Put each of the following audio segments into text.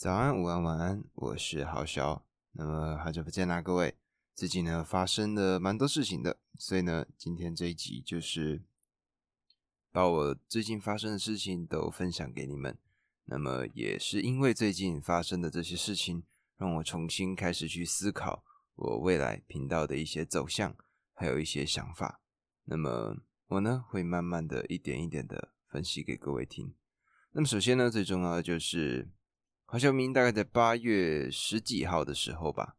早安，午安，晚安，我是豪洨。那麼好久不見啦，各位！最近呢，發生了蠻多事情的，所以呢，今天這一集就是把我最近發生的事情都分享給你們。那麼也是因為最近發生的這些事情，讓我重新開始去思考我未來頻道的一些走向，還有一些想法。那麼我呢會慢慢的一點一點的分析給各位聽。那麼首先呢，最重要的就是。華曉明大概在八月十幾號的時候吧，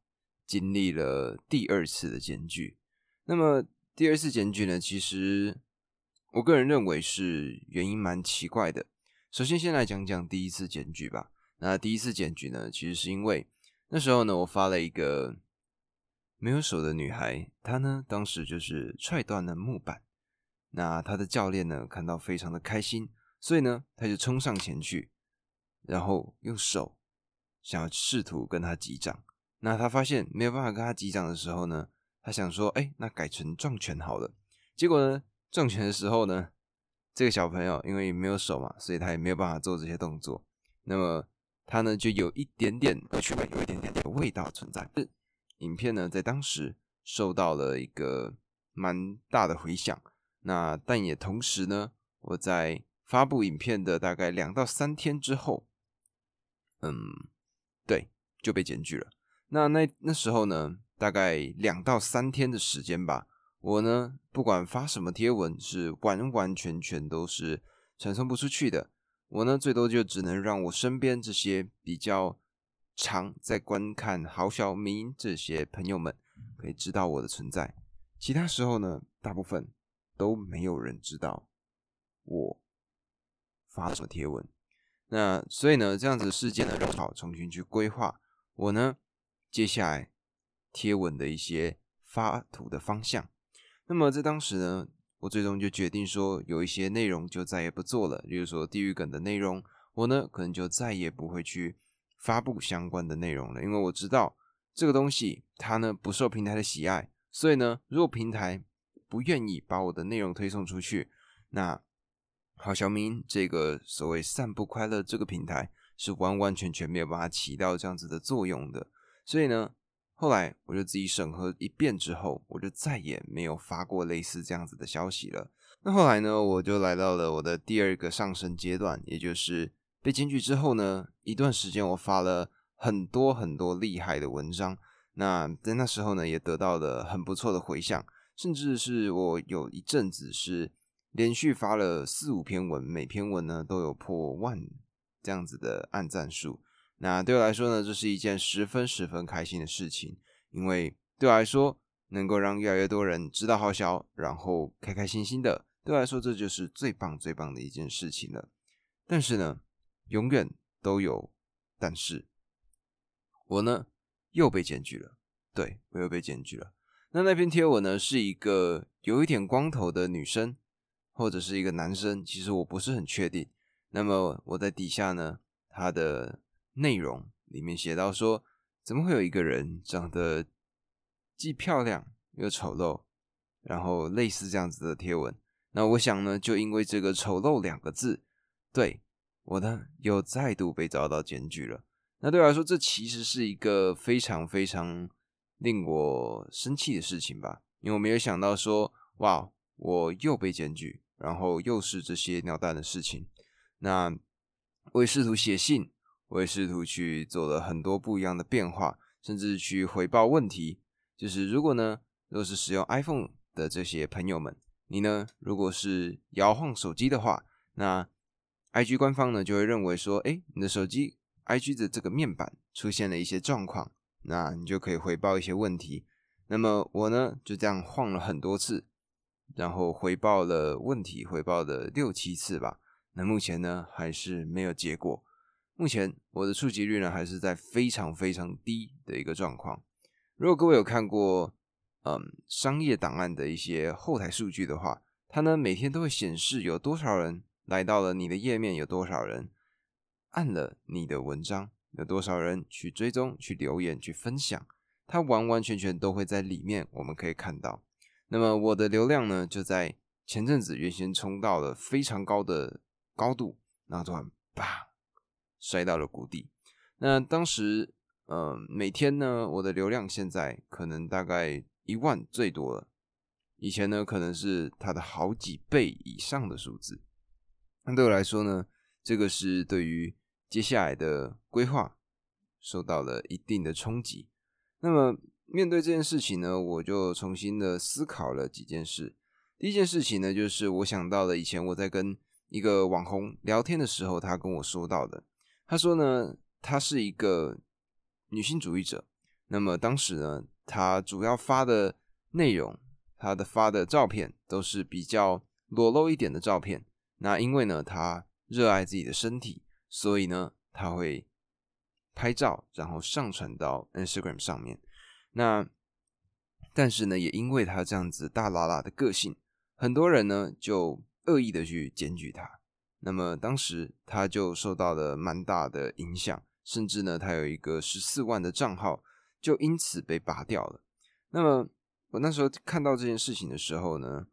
經歷了第二次的檢舉。那麼第二次檢舉呢，其實我個人認為是原因蠻奇怪的。首先先來講講第一次檢舉吧。那第一次檢舉呢，其實是因為那時候呢，我發了一個沒有手的女孩，她呢當時就是踹斷了木板。那她的教練呢看到非常的開心，所以呢他就衝上前去。然後用手想要試圖跟他擊掌，那他發現沒有辦法跟他擊掌的時候呢，他想說：“哎，那改成撞拳好了。”結果呢，撞拳的時候呢，這個小朋友因為沒有手嘛，所以他也沒有辦法做這些動作。那麼他呢，就有一點點趣味，有一點點的味道存在。影片呢，在當時受到了一個蠻大的回響。那但也同時呢，我在發佈影片的大概兩到三天之後。嗯，對，就被檢舉了。那那那時候呢，大概兩到三天的時間吧。我呢，不管發什麼貼文，是完完全全都是傳送不出去的。我呢，最多就只能讓我身邊這些比較常在觀看豪洨民這些朋友們可以知道我的存在。其他時候呢，大部分都沒有人知道我發什麼貼文。那所以呢，這樣子事件呢，正好重新去規劃我呢接下來貼文的一些發圖的方向。那麼在當時呢，我最終就決定說，有一些內容就再也不做了，比如說地獄梗的內容，我呢可能就再也不會去發布相關的內容了，因為我知道這個東西它呢不受平台的喜愛，所以呢，如果平台不願意把我的內容推送出去，那。好，小明，這個所謂“散步快樂”這個平台是完完全全沒有辦法起到這樣子的作用的。所以呢，後來我就自己審核一遍之後，我就再也沒有發過類似這樣子的消息了。那後來呢，我就來到了我的第二個上升階段，也就是被檢舉之後呢，一段時間我發了很多很多厲害的文章。那在那時候呢，也得到了很不錯的回響，甚至是我有一陣子是。連續發了四五篇文，每篇文呢都有破萬這樣子的按讚數。那對我來說呢，這是一件十分十分開心的事情，因為對我來說，能夠讓越來越多人知道豪洨，然後開開心心的，對我來說，這就是最棒最棒的一件事情了。但是呢，永遠都有但是，我呢又被檢舉了，對，我又被檢舉了。那那篇貼文呢，是一個有一點光頭的女生。或者是一個男生，其實我不是很確定。那麼我在底下呢，他的內容裡面寫到說，怎麼會有一個人長得既漂亮又醜陋？然後類似這樣子的貼文。那我想呢，就因為這個“醜陋”兩個字，對，我呢又再度被遭到檢舉了。那對我來說，這其實是一個非常非常令我生氣的事情吧，因為我沒有想到說，哇，我又被檢舉。然後又是這些尿蛋的事情，那我也試圖寫信，我也試圖去做了很多不一樣的變化，甚至去回報問題。就是如果呢，若是使用 iPhone 的這些朋友們，你呢如果是搖晃手機的話，那 IG 官方呢就會認為說，哎，你的手機 IG 的這個面板出現了一些狀況，那你就可以回報一些問題。那麼我呢就這樣晃了很多次。然後回報了問題，回報了六七次吧。那目前呢，還是沒有結果。目前我的觸及率呢，還是在非常非常低的一個狀況。如果各位有看過，嗯，商業檔案的一些後台數據的話，它呢每天都會顯示有多少人來到了你的頁面，有多少人按了你的文章，有多少人去追蹤、去留言、去分享，它完完全全都會在裡面，我們可以看到。那麼我的流量呢，就在前陣子原先衝到了非常高的高度，然後突然啪摔到了谷底。那當時，嗯、呃，每天呢，我的流量現在可能大概一萬最多了，以前呢可能是它的好幾倍以上的數字。那對我來說呢，這個是對於接下來的規劃受到了一定的衝擊。那麼。面對這件事情呢，我就重新的思考了幾件事。第一件事情呢，就是我想到了以前我在跟一個網紅聊天的時候，他跟我說到的。他說呢，他是一個女性主義者。那麼當時呢，他主要發的內容，他的發的照片都是比較裸露一點的照片。那因為呢，他熱愛自己的身體，所以呢，他會拍照，然後上傳到 Instagram 上面。那，但是呢，也因為他這樣子大喇喇的個性，很多人呢就惡意的去檢舉他。那麼當時他就受到了蠻大的影響，甚至呢，他有一個十四萬的賬號就因此被拔掉了。那麼我那時候看到這件事情的時候呢，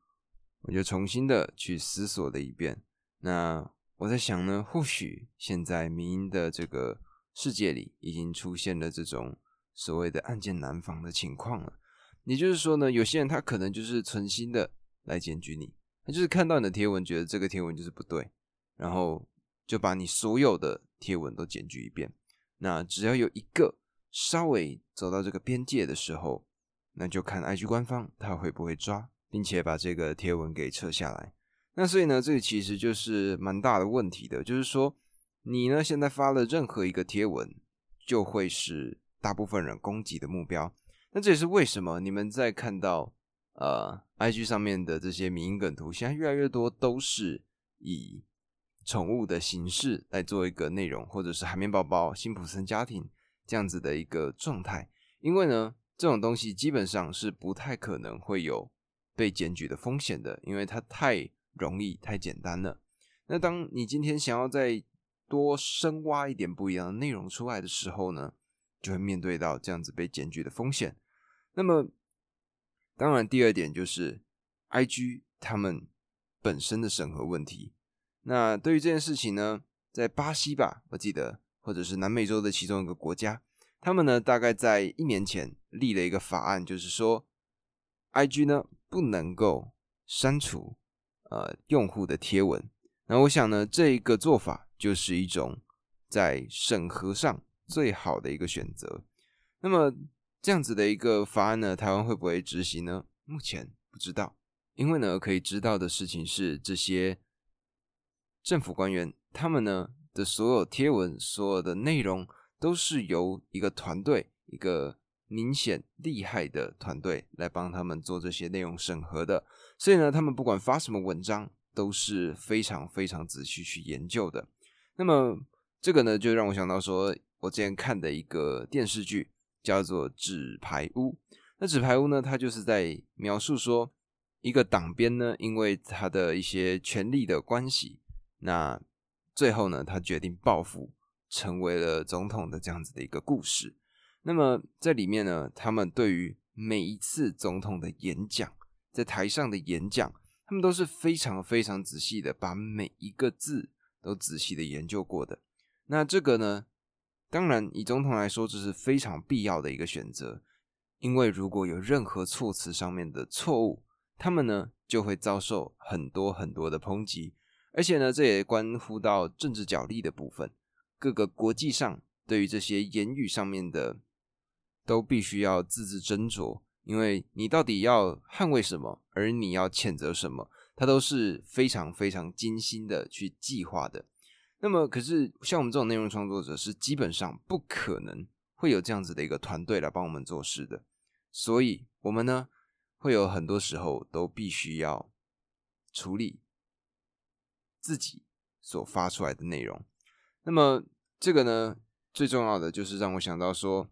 我就重新的去思索了一遍。那我在想呢，或許現在民營的這個世界裡已經出現了這種。所謂的暗箭難防的情況了，也就是說呢，有些人他可能就是存心的來檢舉你，他就是看到你的貼文，覺得這個貼文就是不對，然後就把你所有的貼文都檢舉一遍。那只要有一個稍微走到這個邊界的時候，那就看 IG 官方他會不會抓，並且把這個貼文給撤下來。那所以呢，這個其實就是蠻大的問題的，就是說你呢現在發了任何一個貼文，就會是。大部分人攻擊的目標，那這也是為什麼你們在看到呃，IG 上面的這些迷因梗圖，現在越來越多都是以寵物的形式來做一個內容，或者是海綿寶寶、辛普森家庭這樣子的一個狀態。因為呢，這種東西基本上是不太可能會有被檢舉的風險的，因為它太容易、太簡單了。那當你今天想要再多深挖一點不一樣的內容出來的時候呢，就會面對到這樣子被檢舉的風險。那麼，當然第二點就是，IG 他們本身的審核問題。那對於這件事情呢，在巴西吧，我記得，或者是南美洲的其中一個國家，他們呢大概在一年前立了一個法案，就是說，IG 呢不能夠刪除呃用戶的貼文。那我想呢，這一個做法就是一種在審核上。最好的一個選擇。那麼，這樣子的一個法案呢，台灣會不會執行呢？目前不知道，因為呢，可以知道的事情是，這些政府官員他們呢的所有貼文、所有的內容，都是由一個團隊、一個明顯厲害的團隊來幫他們做這些內容審核的。所以呢，他們不管發什麼文章，都是非常非常仔細去研究的。那麼，這個呢，就讓我想到說。我之前看的一個電視劇叫做《紙牌屋》，那《紙牌屋》呢，它就是在描述說一個黨鞭呢，因為他的一些權力的關係，那最後呢，他決定報復，成為了總統的這樣子的一個故事。那麼在裡面呢，他們對於每一次總統的演講，在台上的演講，他們都是非常非常仔細的，把每一個字都仔細的研究過的。那這個呢？當然，以總統來說，這是非常必要的一個選擇，因為如果有任何措辭上面的錯誤，他們呢就會遭受很多很多的抨擊，而且呢，這也關乎到政治角力的部分，各個國際上對於這些言語上面的，都必須要字字斟酌，因為你到底要捍衛什麼，而你要譴責什麼，它都是非常非常精心的去計劃的。那麼，可是像我們這種內容創作者是基本上不可能會有這樣子的一個團隊來幫我們做事的，所以我們呢會有很多時候都必須要處理自己所發出來的內容。那麼這個呢最重要的就是讓我想到說，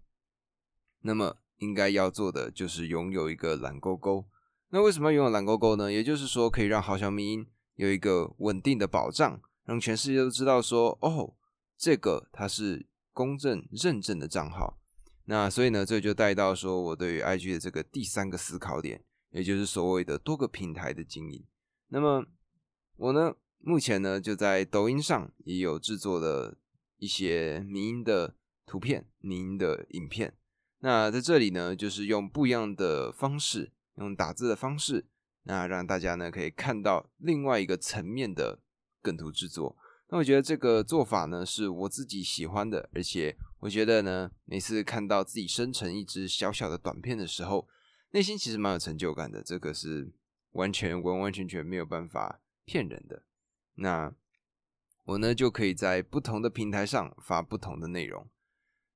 那麼應該要做的就是擁有一個藍勾勾，那為什麼要擁有藍勾勾呢？也就是說可以讓豪洨命運有一個穩定的保障。讓全世界都知道說，說哦，這個它是公正認證的賬號。那所以呢，這就帶到說我對於 IG 的這個第三個思考點，也就是所謂的多個平台的經營。那麼我呢，目前呢就在抖音上也有制作了一些迷因的圖片、迷因的影片。那在這裡呢，就是用不一樣的方式，用打字的方式，那讓大家呢可以看到另外一個層面的。梗圖製作，那我覺得這個做法呢是我自己喜歡的，而且我覺得呢，每次看到自己生成一支小小的短片的時候，內心其實蠻有成就感的。這個是完全完完全全沒有辦法騙人的。那我呢就可以在不同的平台上發不同的內容。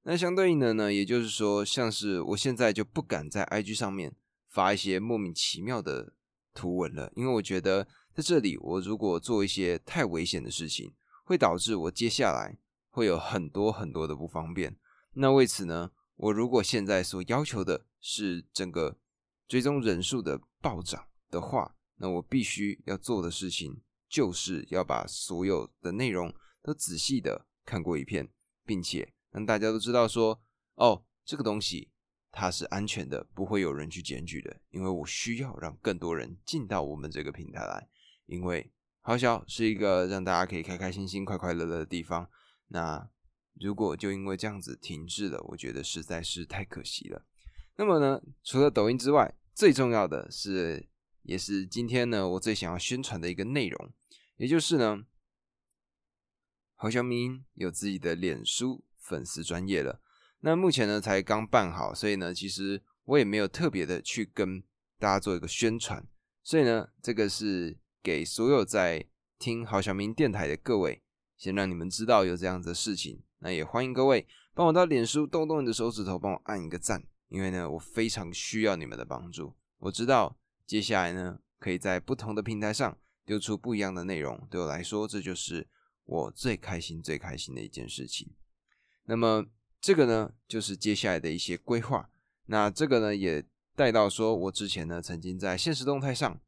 那相對應的呢，也就是說，像是我現在就不敢在 IG 上面發一些莫名其妙的圖文了，因為我覺得。在這裡，我如果做一些太危險的事情，會導致我接下來會有很多很多的不方便。那為此呢，我如果現在所要求的是整個追蹤人數的暴漲的話，那我必須要做的事情就是要把所有的內容都仔細的看過一遍，並且讓大家都知道說，哦，這個東西它是安全的，不會有人去檢舉的，因為我需要讓更多人進到我們這個平台來。因為豪洨是一個讓大家可以開開心心、快快樂樂的地方。那如果就因為這樣子停滯了，我覺得實在是太可惜了。那麼呢，除了抖音之外，最重要的是，也是今天呢，我最想要宣傳的一個內容，也就是呢，豪洨民有自己的臉書粉絲專頁了。那目前呢才剛辦好，所以呢，其實我也沒有特別的去跟大家做一個宣傳。所以呢，這個是。給所有在聽豪洨明電台的各位，先讓你們知道有這樣子的事情。那也歡迎各位幫我到臉書動動你的手指頭，幫我按一個讚，因為呢，我非常需要你們的幫助。我知道接下來呢，可以在不同的平台上丟出不一樣的內容，對我來說，這就是我最開心、最開心的一件事情。那麼這個呢，就是接下來的一些規劃。那這個呢，也帶到說我之前呢，曾經在限時動態上。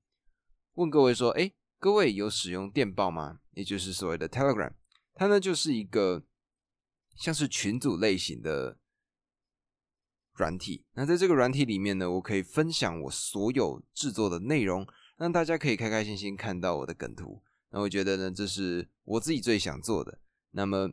問各位說，哎，各位有使用電報嗎？也就是所謂的 Telegram，它呢就是一個像是群組類型的軟體。那在這個軟體裡面呢，我可以分享我所有製作的內容，讓大家可以開開心心看到我的梗圖。那我覺得呢，這是我自己最想做的。那麼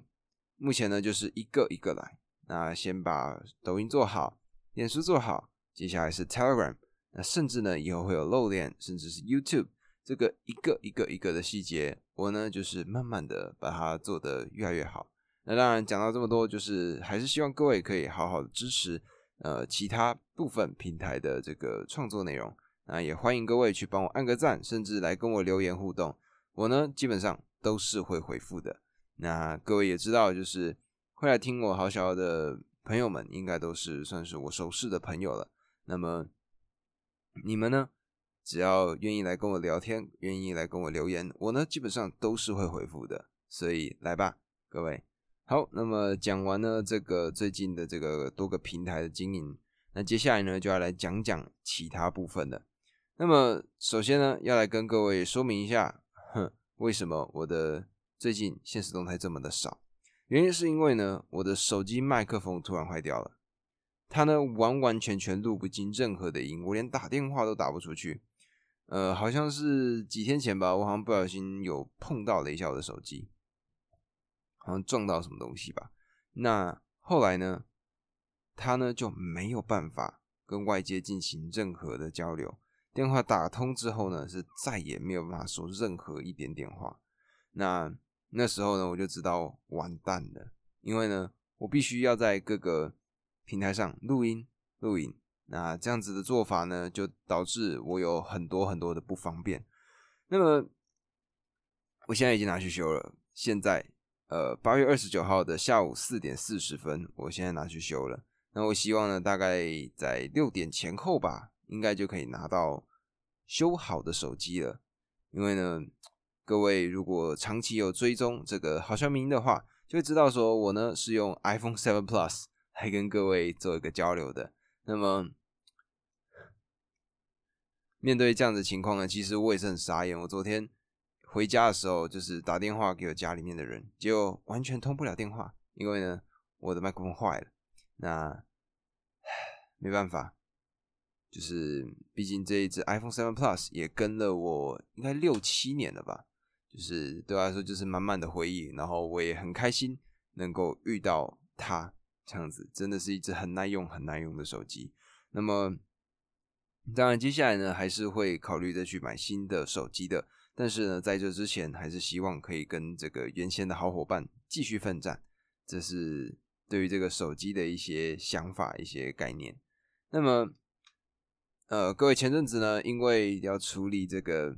目前呢，就是一個一個來，那先把抖音做好，臉書做好，接下來是 Telegram。那甚至呢，以後會有露臉，甚至是 YouTube 這個一個一個一個的細節，我呢就是慢慢的把它做得越來越好。那當然講到這麼多，就是還是希望各位可以好好的支持呃其他部分平台的這個創作內容。那也歡迎各位去幫我按個讚，甚至來跟我留言互動，我呢基本上都是會回復的。那各位也知道，就是會來聽我豪洨的朋友們，應該都是算是我熟識的朋友了。那麼。你們呢？只要願意來跟我聊天，願意來跟我留言，我呢基本上都是會回復的。所以來吧，各位。好，那麼講完了這個最近的這個多個平台的經營，那接下來呢就要來講講其他部分的。那麼首先呢要來跟各位說明一下，哼，為什麼我的最近限時動態這麼的少？原因是因為呢我的手機麥克風突然壞掉了。他呢，完完全全錄不進任何的音，我連打電話都打不出去。呃，好像是幾天前吧，我好像不小心有碰到了一下我的手機，好像撞到什麼東西吧。那後來呢，他呢就沒有辦法跟外界進行任何的交流。電話打通之後呢，是再也沒有辦法說任何一點點話。那那時候呢，我就知道完蛋了，因為呢，我必須要在各個。平台上錄音，錄音，那這樣子的做法呢，就導致我有很多很多的不方便。那麼，我現在已經拿去修了。現在，呃，八月二十九號的下午四點四十分，我現在拿去修了。那我希望呢，大概在六點前後吧，應該就可以拿到修好的手機了。因為呢，各位如果長期有追蹤這個豪洨明的話，就會知道說我呢是用 iPhone Seven Plus。來跟各位做一個交流的。那麼，面對這樣的情況呢，其實我也是很傻眼。我昨天回家的時候，就是打電話給我家裡面的人，結果完全通不了電話，因為呢，我的麥克風壞了。那沒辦法，就是畢竟這一支 iPhone 7 Plus 也跟了我應該六七年了吧，就是對我來說就是滿滿的回憶。然後我也很開心能夠遇到它。這樣子真的是一支很耐用、很耐用的手機。那麼，當然接下來呢，還是會考慮着去買新的手機的。但是呢，在這之前，還是希望可以跟這個原先的好夥伴繼續奮戰。這是對於這個手機的一些想法、一些概念。那麼，呃，各位前陣子呢，因為要處理這個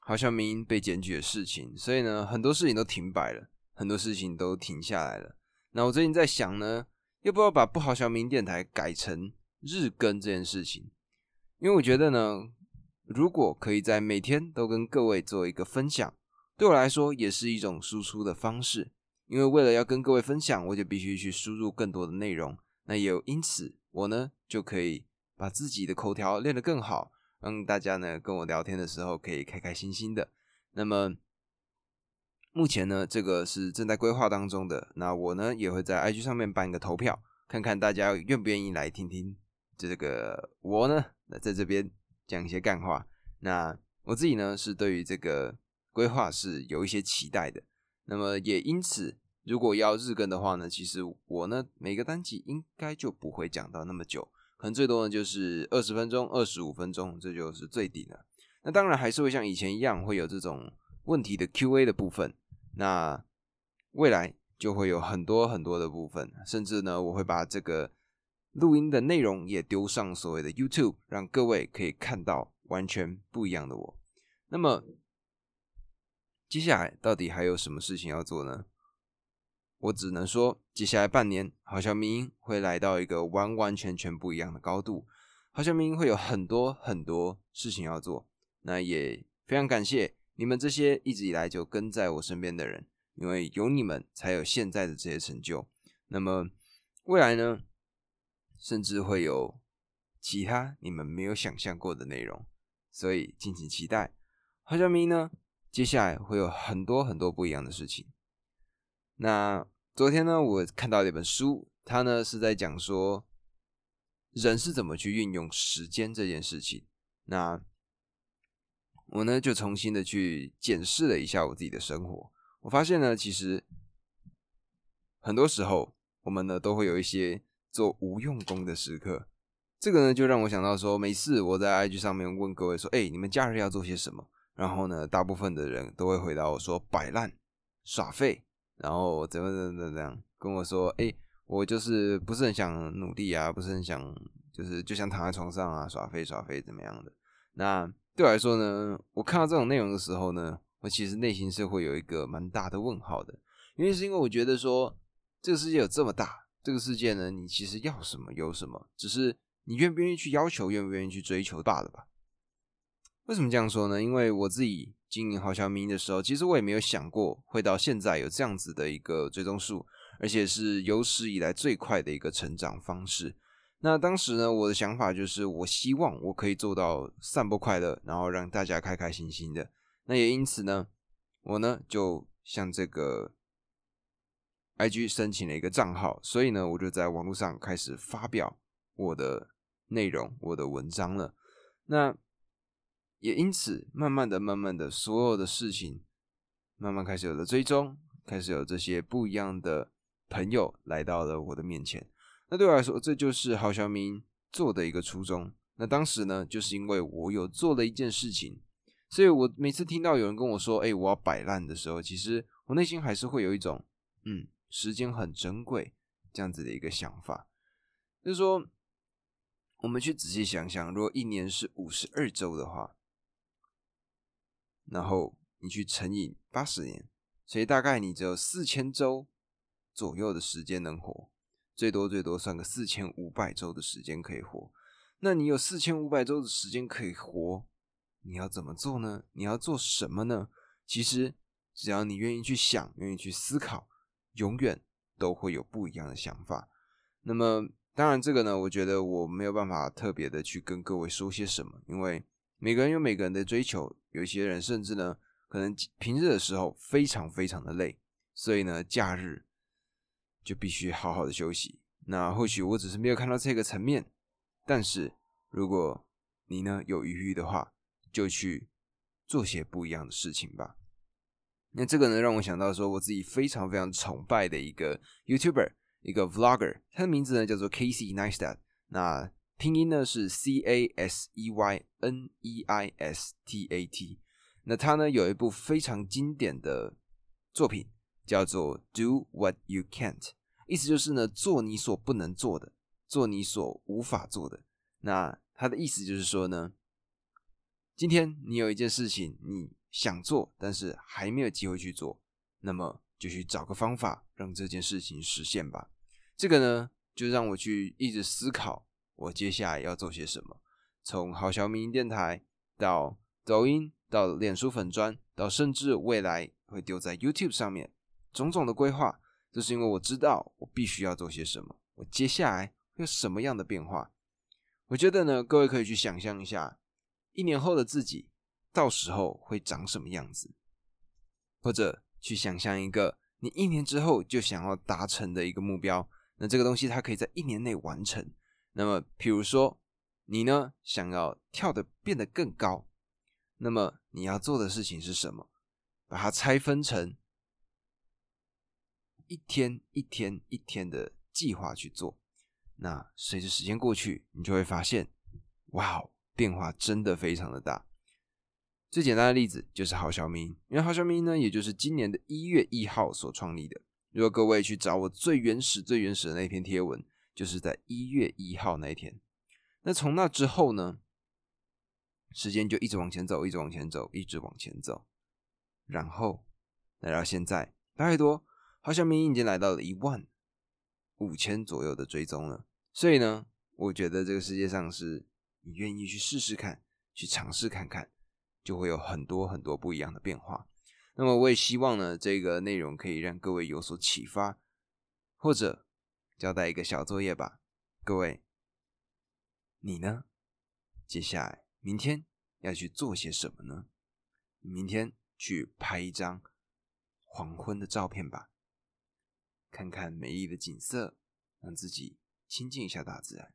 豪洨明被檢舉的事情，所以呢，很多事情都停擺了，很多事情都停下來了。那我最近在想呢，要不要把不好小明電台改成日更這件事情？因為我覺得呢，如果可以在每天都跟各位做一個分享，對我來說也是一種輸出的方式。因為為了要跟各位分享，我就必須去輸入更多的內容。那也有因此，我呢就可以把自己的口條練得更好，讓大家呢跟我聊天的時候可以開開心心的。那麼。目前呢，這個是正在規劃當中的。那我呢，也會在 IG 上面辦一個投票，看看大家願不願意來聽聽這個我呢，在這邊講一些幹話。那我自己呢，是對於這個規劃是有一些期待的。那麼也因此，如果要日更的話呢，其實我呢，每個單集應該就不會講到那麼久，可能最多呢就是二十分鐘、二十五分鐘，這就是最頂了。那當然還是會像以前一樣，會有這種。問題的 Q&A 的部分，那未來就會有很多很多的部分，甚至呢，我會把這個錄音的內容也丟上所謂的 YouTube，讓各位可以看到完全不一樣的我。那麼接下來到底還有什麼事情要做呢？我只能說，接下來半年，豪洨明英會來到一個完完全全不一樣的高度，豪洨明會有很多很多事情要做。那也非常感謝。你們這些一直以來就跟在我身邊的人，因為有你們才有現在的這些成就。那麼未來呢，甚至會有其他你們沒有想象過的內容，所以敬請期待。何小明呢，接下來會有很多很多不一樣的事情。那昨天呢，我看到一本書，它呢是在講說人是怎麼去運用時間這件事情。那我呢就重新的去檢視了一下我自己的生活，我發現呢，其實很多時候我們呢都會有一些做無用功的時刻，這個呢就讓我想到說，每次我在 IG 上面問各位說，哎、欸，你們假日要做些什麼？然後呢，大部分的人都會回答我說擺爛、耍廢，然後怎麼怎麼怎麼樣跟我說，哎、欸，我就是不是很想努力啊，不是很想就是就想躺在床上啊耍廢耍廢怎麼樣的。那對我來說呢，我看到這種內容的時候呢，我其實內心是會有一個蠻大的問號的，原因是因為我覺得說，這個世界有這麼大，這個世界呢，你其實要什麼有什麼，只是你願不願意去要求，願不願意去追求罷了吧。為什麼這樣說呢？因為我自己經營好小米的時候，其實我也沒有想過會到現在有這樣子的一個追蹤數，而且是有史以來最快的一個成長方式。那當時呢，我的想法就是，我希望我可以做到散播快樂，然後讓大家開開心心的。那也因此呢，我呢就向這個 IG 申請了一個賬號，所以呢，我就在網絡上開始發表我的內容、我的文章了。那也因此，慢慢的、慢慢的，所有的事情慢慢開始有了追蹤，開始有這些不一樣的朋友來到了我的面前。那對我來說，這就是豪洨做的一個初衷。那當時呢，就是因為我有做了一件事情，所以我每次聽到有人跟我說“哎、欸，我要擺爛”的時候，其實我內心還是會有一種“嗯，時間很珍貴”這樣子的一個想法。就是說，我們去仔細想想，如果一年是五十二週的話，然後你去乘以八十年，所以大概你只有四千週左右的時間能活。最多最多算個四千五百周的時間可以活，那你有四千五百周的時間可以活，你要怎麼做呢？你要做什麼呢？其實只要你願意去想，願意去思考，永遠都會有不一樣的想法。那麼當然這個呢，我覺得我沒有辦法特別的去跟各位說些什麼，因為每個人有每個人的追求，有些人甚至呢可能平日的時候非常非常的累，所以呢假日，就必須好好的休息。那或許我只是沒有看到這個層面，但是如果你呢有餘裕的話，就去做些不一樣的事情吧。那這個呢讓我想到說，我自己非常非常崇拜的一個 YouTuber，一個 Vlogger，他的名字呢叫做 Casey Neistat，那拼音呢是 C-A-S-E-Y-N-E-I-S-T-A-T。那他呢有一部非常經典的作品叫做《Do What You Can't》。意思就是呢，做你所不能做的，做你所無法做的。那他的意思就是說呢，今天你有一件事情你想做，但是還沒有機會去做，那麼就去找個方法讓這件事情實現吧。這個呢，就讓我去一直思考我接下來要做些什麼。從豪洨民營電台到抖音，到臉書粉專，到甚至未來會丟在 YouTube 上面，種種的規劃。就是因為我知道我必須要做些什麼，我接下來會有什麼樣的變化？我覺得呢，各位可以去想象一下，一年後的自己，到時候會長什麼樣子？或者去想象一個你一年之後就想要達成的一個目標，那這個東西它可以在一年內完成。那麼，比如說你呢，想要跳得變得更高，那麼你要做的事情是什麼？把它拆分成。一天一天一天的計劃去做，那隨着時間過去，你就會發現，哇，變化真的非常的大。最簡單的例子就是豪洨米，因為豪洨米呢，也就是今年的一月一號所創立的。如果各位去找我最原始、最原始的那篇貼文，就是在一月一號那一天。那從那之後呢，時間就一直往前走，一直往前走，一直往前走。然後來到現在，大概多。好像明天已經來到了一萬五千左右的追蹤了，所以呢，我覺得這個世界上是，你願意去試試看，去嘗試看看，就會有很多很多不一樣的變化。那麼，我也希望呢，這個內容可以讓各位有所啟發，或者交代一個小作業吧。各位，你呢？接下來明天要去做些什麼呢？明天去拍一張黃昏的照片吧。看看美麗的景色，讓自己親近一下大自然。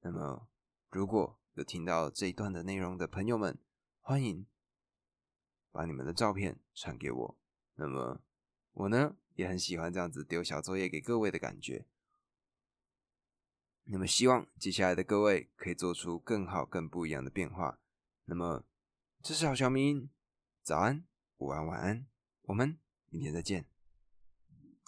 那麼，如果有聽到這一段的內容的朋友們，歡迎把你們的照片傳給我。那麼，我呢也很喜歡這樣子丟小作業給各位的感覺。那麼，希望接下來的各位可以做出更好、更不一樣的變化。那麼，這是豪洨小明，早安、午安、晚安，我們明天再見。